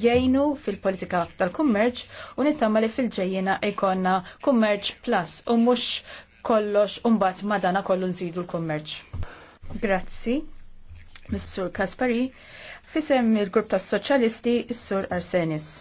jgħinu fil-politika tal-kummerċ u nittama li fil-ġejjina ikonna kummerċ plus u mux kollox umbat madana kollu nżidu l-kummerċ. Grazzi, Mr. Kaspari, fisem il-grupp tas soċjalisti Sur Arsenis.